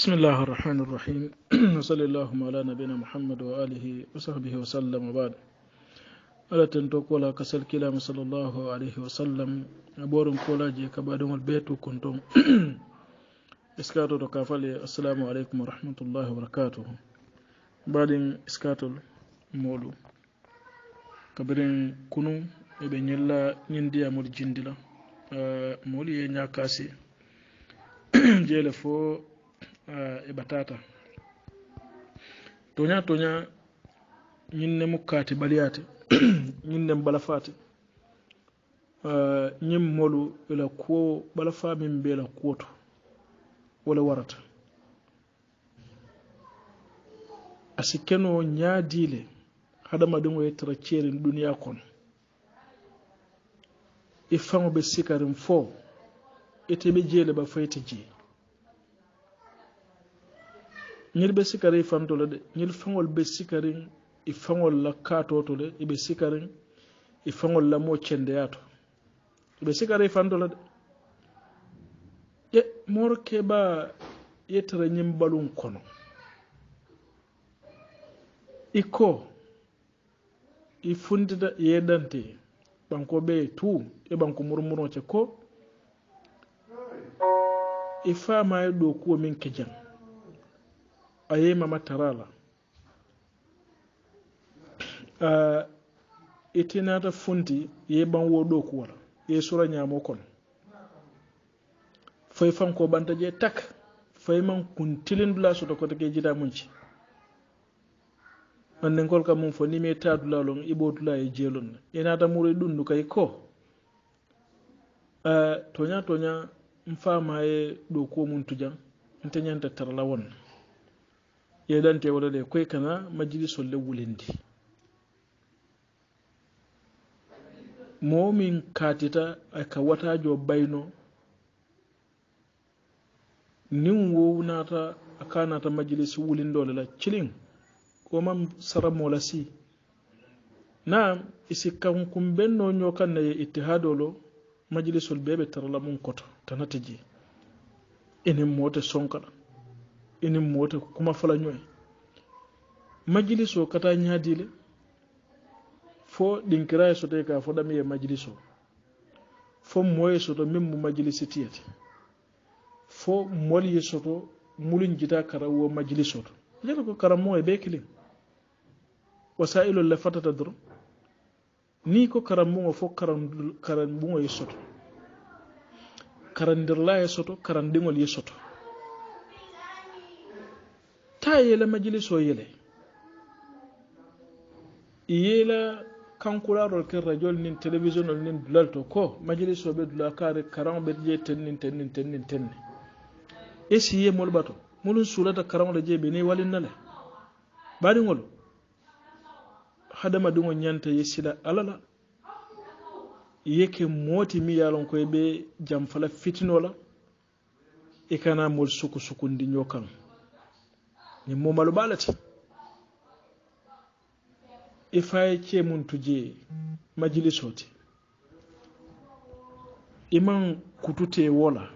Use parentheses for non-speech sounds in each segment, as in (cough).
بسم الله الرحمن الرحيم وصلى الله على نبينا محمد وآله وصحبه وسلم وبعد ala ten to kola kasal kilama sallllahu alayhi wa sallam a ɓoron kolaji ka baɗogol ɓe tukkon ton iskato to ka fale assalamu aleykum wa rahmatullahi wa barakatuhu mbaɗin iskatol moɗum kabirin kunu eɓe ñella ñindiyamol jindila (clears throat) moli e ñakasi (clears throat) jeele fo Eh, e batata toña toña ñinne mukkaate ɓaliyaate (clears throat) ñinne balafaate eh, ñim molu ila e kuwo balafa min mbela kuwoto wole warata asikeno ñaadiile hadamaɗin o e yettata ceerin duniya kono i e faŋo ɓe sikarin fo ite ɓe jeele ba fayte jee ñir ɓe sikari fanto le de ñir faŋol ɓe sikariŋ i faŋol la kaato to le i ɓe sikariŋ i faŋol la moo cendeya to i ɓe sikari fanto le de e moor keɓaa ye tara ñiŋ baluŋ kono i ko i funtita ye dante ɓanko ɓe tu e ɓanko murumuroce ko i faamaye ɗo kuwo miŋ kejaŋ a yeyma mattarala itinata fundi yeɓan wo ɗo ko wala ye sura ñamo kono foy fanko ɓanta je tak fay man kun tilindula soto kota ke jida munci annden kol ka mum fo nime tadula lon iɓo dula e jeelon ne inata muri ɗundu kay ko toña toña n fama ye ɗo ko mum tujan nteñanta tarala wonna yeydante wona ɗe koye kana majjiliso lewwulendi momin katita aka watajo bayno nin wownata akanata majjilise wulindolela cilin koman saramola si nam isi kankum benno ñokannaye ittihadolo majjilisol beɓe taralamum koto tanatiji enen mote sonkalan ini mote kuma fala ñoy majliso kata ñaadile fo ɗinkiraye sotoy ka fo ɗamiye majliso fo moye soto min mo majlisi tiyete fo mol ye soto mulun jita kara wo majliso to jata ko karamoye be kilin wasailol le fatata doron ni ko karambuŋo fo karambuŋo ye soto karandirla ye soto karandiŋol ye soto ta yela majiliso yele yela kankurarol ken rajol nin télévision ol nin dulal to ko majiliso ɓe dula kaare karan ɓe je ten nin ten ne e ye mol ɓato mulum sulata da je ɓe ni walinnala baɗigol hadama ɗigo ñanta ye sila alala yeke moti mi yalon koy e be jamfala fitinola e kana mol suku sukundiño kan ni momalo ɓalati e faye cemuntu je majilisote iman kutute wola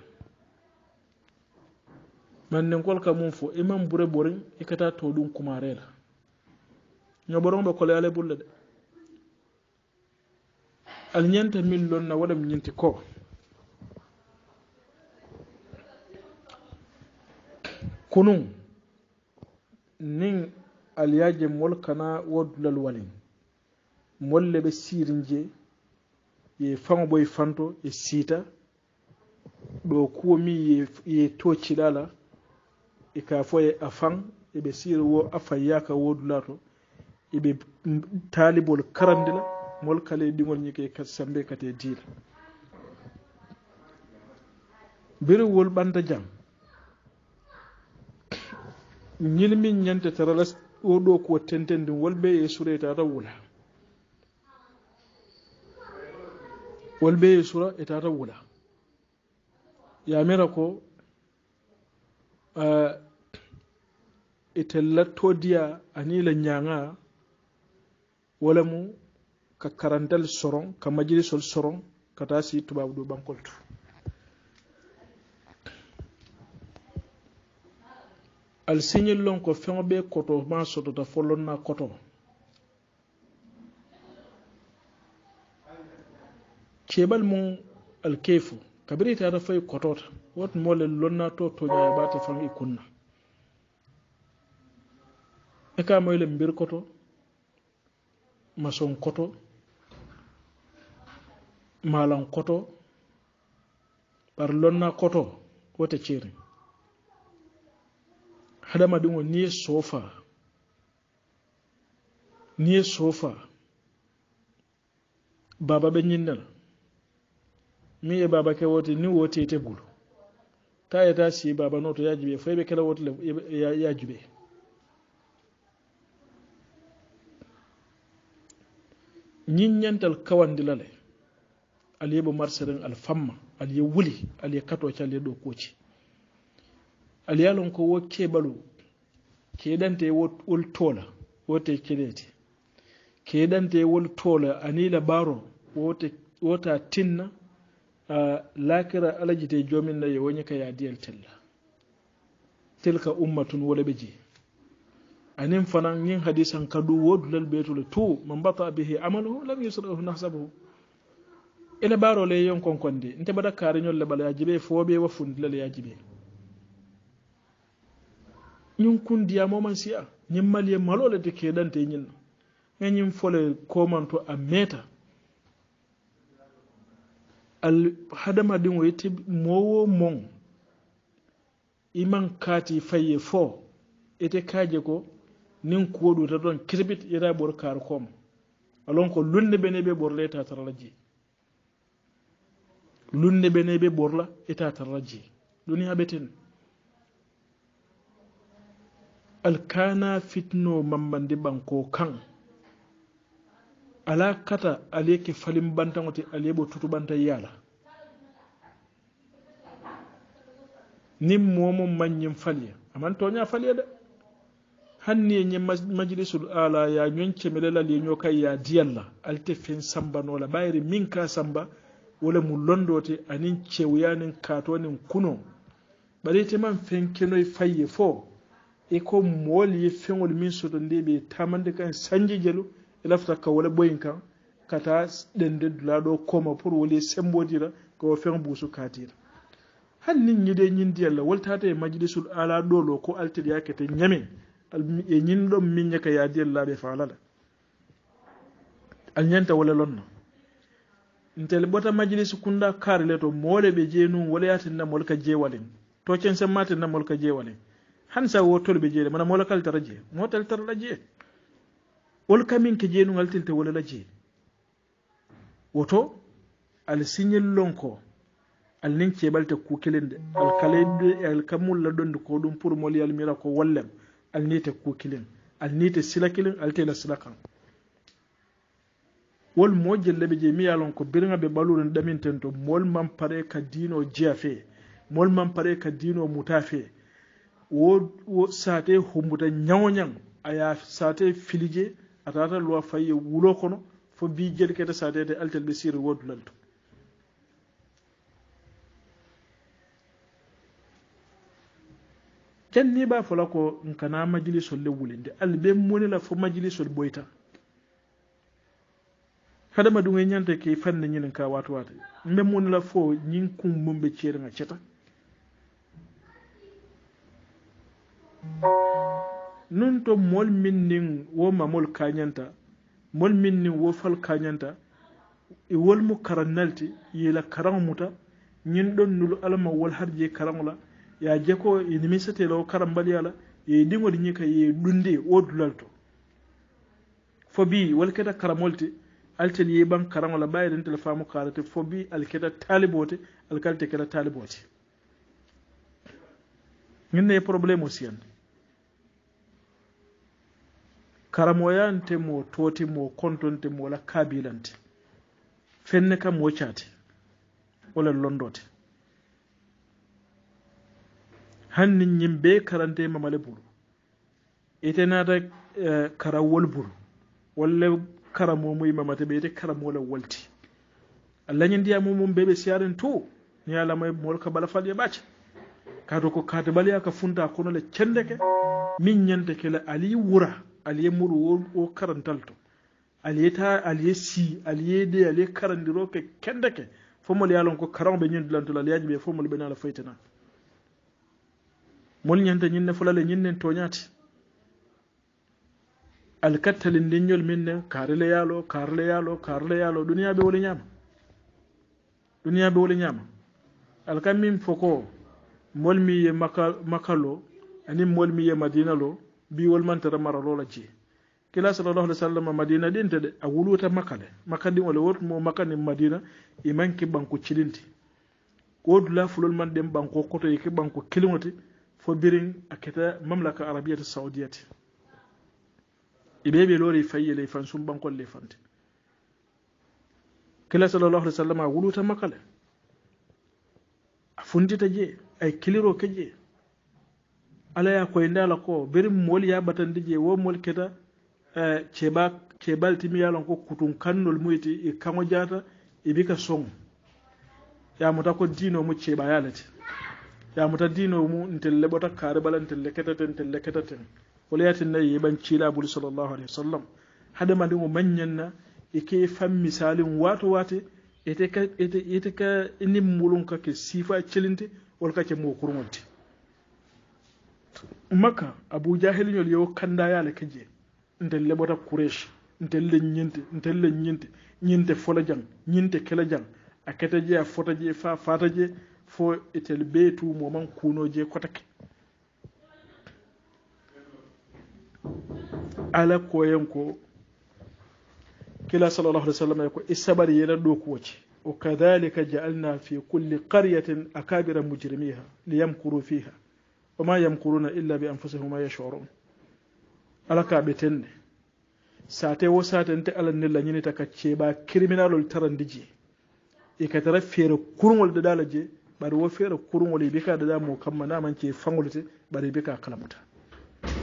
mannenkol ka mum fo iman bure borin i to ɗum kumarela ñoɓoron ɓe kole ale bulle de al ñanta min lonna waɗa mi ñanti ko kunun nin aliyaje mol kana wo dulal walin molle ɓe sirinje ye fango boye fanto e siita ɗo kuwomi ye tocciɗala e ka fo e a fan eɓe siira wo afa yaka wo dula to eɓe taalibol karandela mol kala e ɗigol ñike sambe kate diila birwol ɓanda jang ñilmin min ñante tarala o ɗo ko tentendin wolɓe ye sura etata wula wolɓe ye sura etata wula yamira ko uh, itella todiya anila ñaga wala mu ka karantal soron ka majilisol soron ka ta si tubabu do bankol ali siñolloŋ ko feŋo be koto maŋ sotota folloŋ na koto ceebal muŋ ali kei fo kabiri itaata fo i kotota wotu moo le lonna to toñayabaate faŋ i kuŋ na i e ka moyi le mbir koto masoŋ koto maalaŋ koto bari lonna koto wote ceeriŋ hadamadenw n'i ye sofa n'i ye sofa baba bɛ ɲini na min ye baba kai woti ni woti tɛ bolo ta ye ta si baba n'o to y'a jube fo i bɛ kɛlɛ y'a jube ñin ñantal kawandila le ali ye bo marseren al ali wuli ali ye kato ci ali ko yalon ko ke keɓalu keɗante wol tola wote keɗete keɗante wol tola anila baron wota tinna a lakira jomin jominna ye woña ka yadiyal tella tilka ummatun wala biji anin fanan yin hadisan kadu wodulal ɓeytole to man bata bihi amalu lam yusrahu nahsabuhu ila baro le yon konkonde nte baɗa kariñol le ɓala yajibe fobe wa fundilal yajibe ñinkun ndiyamoman si'a ñin maliye malole de keɗante ñinna ga ñin fole komanto a meta al hadamadiŋo yete mowo moŋ iman kati faye fo ite kaje ko nin kuwoɗuta ɗon kirbit yeta ɓor kar koma alon ko lunde ɓene ɓe ɓorla ita tarala je lunde ɓene ɓe ɓorla ita tarala je ɗuni haɓeten alkana fitno mammandi ɓanko kan ala kata aliyeke falim bantagote aliyeɓo tutuɓanta yiyala nin momo manñin faliya aman toña faliya de hanniye ñin majilisul ala ya ñoncemelela liño kay ya diyalla alte fen sambanola ɓayri min ka samba wole mu londote anin cewuyanin katonin kuno ɓaɗeteman fen kenoy fayye fo e ko mool ye feŋol min soto nde ɓe tamande kan sanje jelo e lafta ka wala ɓoyin kan kata ɗende dula ɗo koma pour woli sembodira kawo feŋ buusu katira han nin ñide ñindi allah woltata e majlisul ala ɗolo ko altir yakete ñame e ñin ɗon min ñaka yaadi allaɗe falala al ñanta wala lonna ntel ɓota majlis kunda kaarele to moole ɓe jeenum wala yatinna molka jeewalen to cen semmate na molka jeewalen hansa wotol be jeele mana molakal tara jee motal tara la jee wol kamin ke jeenuŋal tilte wol la jee woto al signal lonko al nin balta ku kilinde al kalayɗo al kamul la ɗonde ko dum pour mol yal mira ko wollem al nite ku kilin al nite sila kilin al tela silakan wol wol lebe je mi yalon ko birnga be balulun ɗaminten to mol mam pare ka dino jeya mol mam pare ka dino mutafe wo sate humbuda ñawoñan aya sate filije atata lowa faye wulo kono fo mbi jel kede satede altel ɓe sir wodulalto canniɓa fola ko nkana majilisol le wulinde allah ɓe monila fo majilisol ɓoyta hadamadu ge ñante ke fannde ñinin ka watu wata ɓe monila fo ñin kumbumɓe ceeringa cetak nun to mol min nin wo mamol kañanta mol min nin wo fal kañanta i e wolmo karan nalti yila karaŋo muta ñin ɗon nulu alama wol har je karaŋo la ya jeko i e nimisatela wo karambaliya la ye ɗiŋol ñika ye ɗundi wo dulal to fo bi wol keta karamol ti altel ye ɓan karaŋo la ɓayidentel faamu kaalate fo bi al keta taaliboote alkalte keta taaliboote ñin ne problème aussi ande karamoyante mo toti mo kontonte mo wala kabilante fenne kam moccate wolen londote hanni yimbe karante mamale bulu itenata e, karawol bulu walle karamo muy mamate ɓe ite karamole wolti allahñi ndiyamumum ɓe ɓe siyaren tu ñalama mol ka bala fal yoɓaca kaato ko kaate ɓaliya ka funta konole cendeke min ñanteke le ali wura aliye muru wo, wo karantalto aliye ta aliye si aliye de aliye karandiro ke kendeke fomol ye ko karaŋo be ñiŋ dulantola ali ye jibe fomol be naala foyite mol ñanta ñiŋ ne fula le ñiŋ neŋ tooñaati ali ka talindiñol miŋ ne kaari le ye a lo kaari le ye a be wo le ñaama be wo le ñaama ali ka miŋ mol miŋ ye maka maka lo mol miŋ ye madina lo bi man mara lola ci kila sallallahu alaihi wasallam madina din de a wuluta makka de makka din wala wot mo makka ni madina e manki banko cilinti ko dula fulol man dem banko koto e ki banko kilimoti fo birin aketa mamlaka arabiyati saudiyati ibeɓe lori fayyele fan sum le fante kila sallallahu alaihi wasallam a wuluta makka a fundita je ay kiliro ke je alaya koye ndaala ko beri mool yaɓatande je wo mool keta e, ceeɓa ceeɓal timiyalon ko kutum kannol muyti e kaŋo jaata ebika soŋ yamuta ko diinomu ceeɓa yaalete yamuta diinomu ntelle ɓota kaare ɓala ntelle keteten ntelle keteten wala yatinnayi yeɓan ciilabuli sallllahu alayhi wa sallam haɗamandi o mañanna e ke fan misali waato waate ete ka ete ete ka ini mulum kake siifa celinte wol kake mo kurgolte makka abou jahilñol yo kandayale kadje nden leɓota courage nden le ñinte nden le ñinte ñinte fola jang ñinte kela jang a keta je a fota je fa fata je fo etel ɓee tumoman kuno je kotake ala koyen ko kila sallallahu alih w sallam ko i e sabar yena ɗo kuwoci wa kadalika jaalna fi kulli qaryatin akabira mujrimiha liyamkuru fiha wama yamkuruna illa bi anfusihuma yashurun ala ka ɓe tenne sate wo sate nte allah nella ñinita ka ceeɓa criminalol tarandi je e katara feere kurugol daɗala je ɓaɗa wo feere kurugol yibi e ka daɗa mo kamma namance fangolte ɓaɗa yibi e ka kalamuta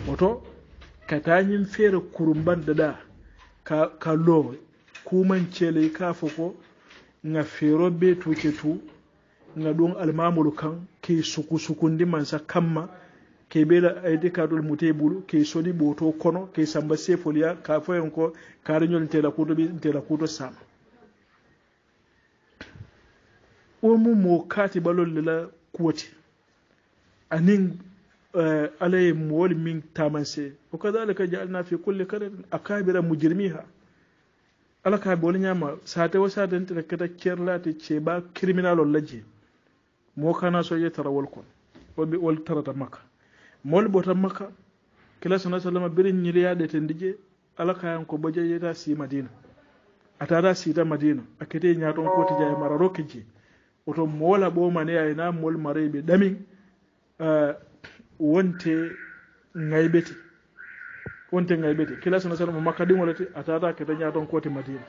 woto kata ñin feere kurumban daɗa ka ka lo kumanceele ka fo ko nga feero ɓe tuce tu nga ɗum almamol kan ke suku sukundi mansa kamma ke ɓela ayde eh, kaɗol mutebulu ke soni ɓoto kono ke samba sefolya ka foyon ko kareñol ntela kuto ɓe ntela kuto sama o mu mo kati ɓalol lela kuwoti anin uh, eh, alaye mowol min tamanse wa kadalika jaalna fi kulle karatin a kabira mujrimiha ala kaɓe wol ñama sate wo sate ntene keta kerlate ceeɓa criminal ol la jee moo kana so yetara wol kon wol tarata makka mol bota makka kila sana sallama birin ñiliyaɗe ten ndije ala kayan ko boja si madina atata siita madina a kete ñaton koti jaye mara rokke je oto moola ɓomane ayna mol marayɓe ɗamin uh, wonte gaybete wonte gaybete kila sana sallama makka ɗiŋolete atata kete ñaton koti madina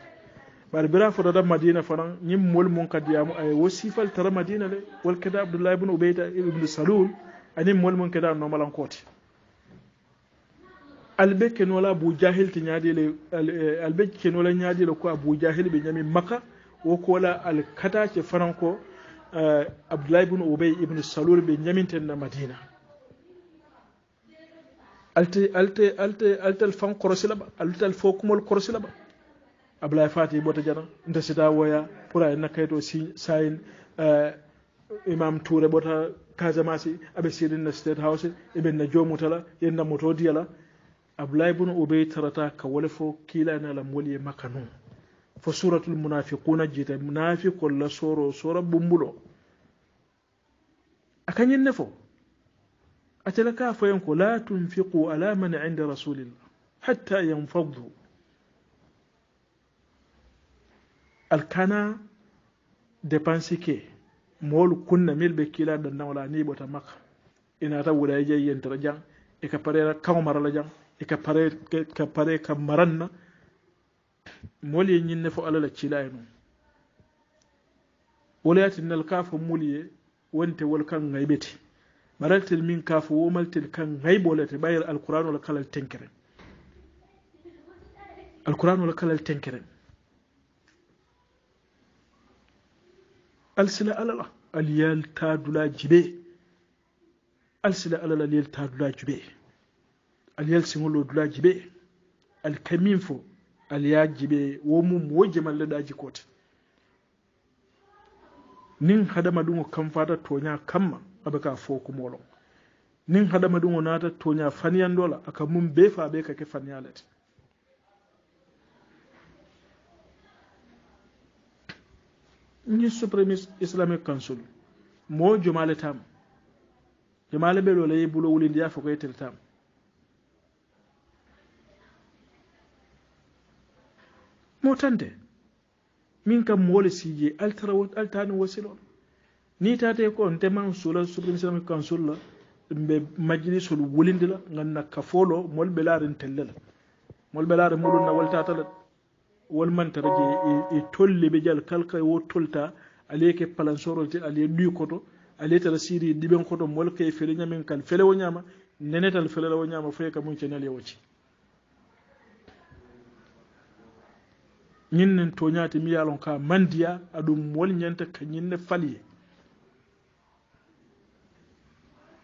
bar bira fotata madina fanan ñim mol mum kadiyamu aye wo sifal tara madina le wol keda abdoullah ibne obeyda ibne saloul anin mol mum keda nomalankoote albe kenola abou jahil ti ñaadile e, albe kenola ñaadile ko abou jahil ɓe ñami makka wo kola al katace fanan ko e, abdoulah ibne obey ibne saloul ɓe ñamintenna madina alte alte alte altal fan korosilaba altal fo kumol korosilaba ablaye fati eh, bota jana ndesita woya pour ay nakayto si sayin uh, imam touré bota casamasi aɓe siɗinna state house eɓen na jomutala yenna motodiyala ablaye bono obey tarata ka wole fo kilanalam woli e makka non fo suratul munafiquna jiita munafiqol la soro sora bumbulo a kañinne fo atela la tunfiqu ala man inde rasulillah hatta yanfadu alkana dépense ke moolu kunna mil be kila danna wala ni bota maka inata wulay je yentara jang e ka parera kaw marala jang e ka pare ka pare ka maranna moolu ye ñinne fo alla la cilaye noon wolayatinal ka fo mulu ye wonte wol kan ŋaybete maraltel min ka fo womaltel kan ŋaybolete ɓayir alquran ola kalal tenkeren alquran ola kalal tenkeren alsila alala aliyal tadula jibe alsila alala aliyal tadula jibe aliyal singolo dula jibe alkaminfo aliya jibe wo mum wo jemalle daji kote nin hadamaɗum o kam fata toña kamma aɓe ka fo kumolon nin hadamaɗum o naata toña faniyandola aka mum be fa ɓe kake ñi supremist islamic council mo jumale tam jumale be lolay bulo wulindi ya fakoy tir tam mo tande min kam moole siije altara altani wasilol ni tate ko nte man sula supreme islamic council la mbe majlisul wulindi la nganna kafolo mol be laaren telle la mol be laaren mulun na waltata la wolmanta rage e tolle ɓe jal kalka e wo tolta aliye palansorolte aliye ɗuy koto aliye siri ɗiɓen koto molka e fele ñamen kal fele wo ñama nene tal fele la wo ñama foye ka mum cenali e ñin nen toñaati mi yalon ka mandiya aɗum wol ñanta ka ñinne faliye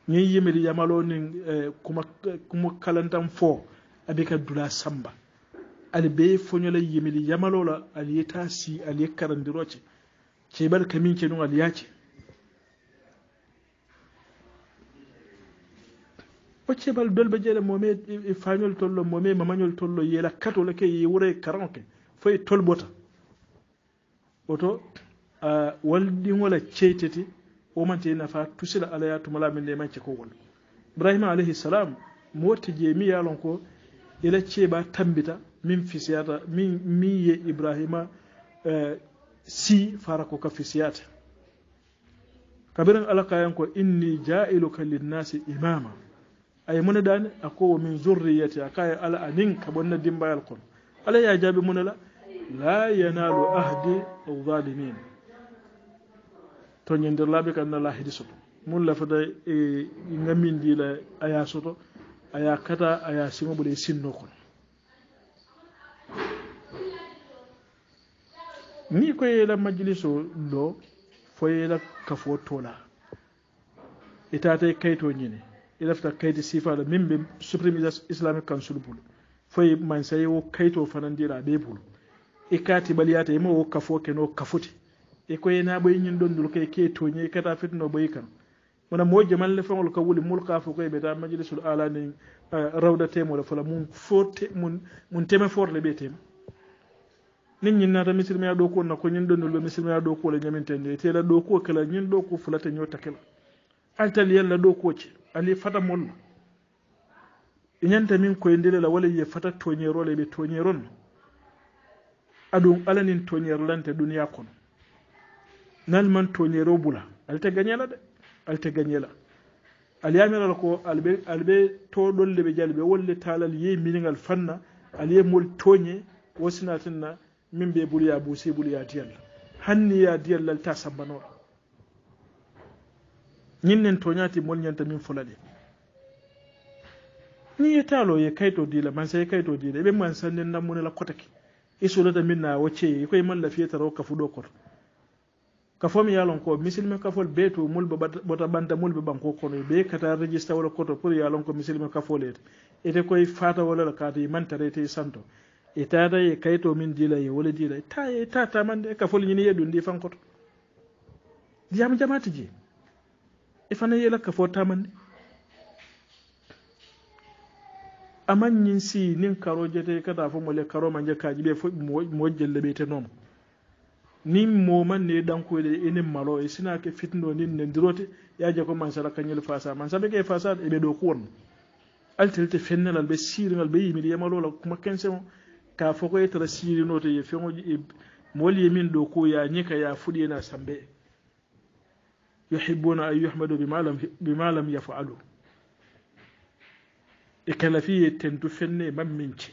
ñin yimiri yamalo nin eh, kuma kuma kalantan fo abi ka dula samba ali be foñola yimili yamalola ali ye ali ye karandiro ce ke nun ali ya ce o ceebal dolɓe jeele mome e, e fañol tollo mome mamañol tollo yeela katole ke ye wura e karano ke fo e tolɓota woto walɗiŋola ceytete nafa tusila ala ya tumala min neman cekowol ibrahima alayhi salam mo wotte yalon ko ila e ceeɓa tambita min fisiyata min min ye ibrahima eh, si fara ko ka fisiyata kabirin alakayan ko inni ja'iluka linnasi imama ay mun dan ako min zurriyati akaya ala anin ka bonna dimbayal kon ala ya jabi mun la la yanalu ahdi adh-dhalimin to nyendir labi kan la hidi soto mun la fada e ngamindi la aya soto aya kata aya simo bude sinno kon ni ko yeyla majliso lo foyeyla kafo tola e tatay kayito ñine e lafta kayti sifala min ɓe supprimé islamique cancel bulu foye man saye wo kayto fanandira ɓe bulu e kati ɓaliyata yima wo kafo keno kafoti e koye naɓoye ñin ɗon ndol kay ke toñe e kata fetino ɓoyi kan wona mo jamalle fangol ka wuli mulka fo koye ɓeta majlisul ala ni eh, rawda temore fola mum forte mum teme forle ɓe tema nin ñin naata misir ya doko na ko ñin dondol be misir ya doko le ñamin tende te la doko kala ñin doko fulata ño takela altal yalla doko ci ali fata mol ñanta min koy ndele la wala ye fata toñero le be toñeron adum alanin toñer lante duniya kono nal man toñero bula alte gagnela de alte gagnela aliyamiral ko albe albe to dolle be jalbe wolle talal ye miningal fanna aliye mol toñe wasinatinna min ɓe ɓuriya buuse ɓuriya diyalla hanniya diyallal ta sabbanoɗo ñinnen to ñaati molñanta min folaɗe ni ye ye kayto diila mansa ye kayto diila eɓe man sannen nammunela kotake i solata min na wocceye koye man lafiyetara o kafuɗo koto kafomi ye lon ko misilme kafol bee to mol bota ɓanta mol ɓe ɓanko kono bee kata régista wala koto pour ye lon ko misilme kafolete ete koy fata wala la kaata imantara ete santo e taday e kayto min jila e wole jila e ta e ta tamande e ka foli ñini yeɗum ndi fankoto jiyama jamati jee e fana yela ka fo tamande aman ñin si nin karoje te kata fo mole karo ma jekkaji ɓe fo mojjelle ɓe te noon nin moman ne ɗankuyɗe enin malo e sinake fitno nin nendirote yaje ko mansara kañel fasa mansaɓe ke fasa eɓe ɗo ko wonno altirete fennalal ɓe sirgal ɓe yimiri yamalola e kuma kense mo ka foko ye tara siirinoto ya feŋo moolu ye min ɗo ko ya ñika ya fuɗi na sambe yuhibuna an yuhmadu bimalam lam yafalu ikalafi kalafi ye tentu fenne man mince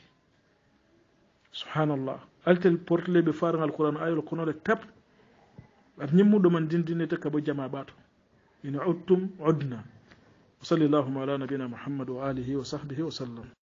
subhanallah altel portele ɓe farangal qouran ayol konole tap at do man dindinete kabo jama ɓato in udtum udna وصلى اللهم على نبينا محمد وآله وصحبه وسلم